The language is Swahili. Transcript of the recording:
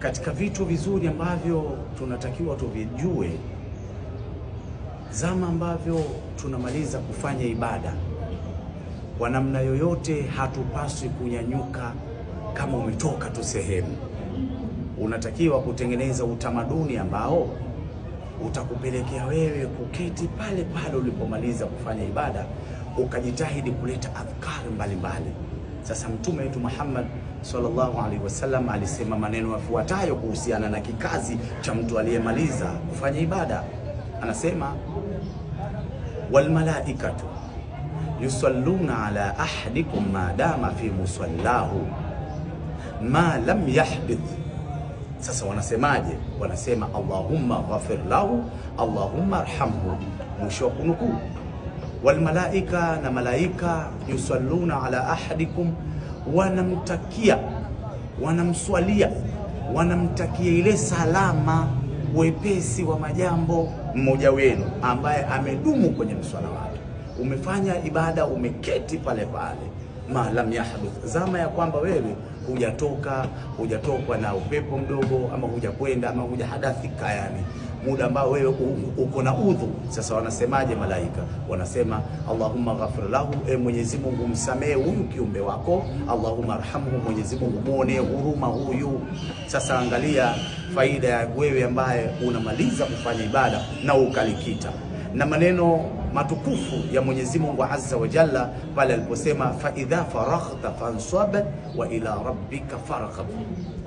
katika vitu vizuri ambavyo tunatakiwa tuvijue zama ambavyo tunamaliza kufanya ibada, kwa namna yoyote hatupaswi kunyanyuka kama umetoka tu sehemu. Unatakiwa kutengeneza utamaduni ambao utakupelekea wewe kuketi pale pale ulipomaliza kufanya ibada, ukajitahidi kuleta adhkari mbalimbali. Sasa mtume wetu Muhammad sallallahu alaihi wasallam alisema maneno yafuatayo kuhusiana na kikazi cha mtu aliyemaliza kufanya ibada. Anasema, walmalaikatu yusalluna ala ahadikum madama fi musallahu ma lam yahbith. Sasa wanasemaje? Wanasema allahumma ghafir lahu allahumma arhamhu, mwisho wa kunukuu. Walmalaika, na malaika, yusalluna ala ahadikum wanamtakia, wanamswalia, wanamtakia ile salama, wepesi wa majambo mmoja wenu ambaye amedumu kwenye mswala wake, umefanya ibada, umeketi pale pale ma lam yahduth, zama ya kwamba wewe hujatoka hujatokwa na upepo mdogo ama hujakwenda ama hujahadathika, yani muda ambao wewe uko na udhu. Sasa wanasemaje malaika? Wanasema Allahumma ghafir lahu, e Mwenyezi Mungu msamehe huyu kiumbe wako. Allahumma arhamhu, Mwenyezi Mungu muone huruma huyu. Sasa angalia faida ya wewe ambaye unamaliza kufanya ibada na ukalikita na maneno matukufu ya Mwenyezi Mungu Azza wa Jalla pale aliposema, fa idha faraghta fansab wa ila rabbika farghab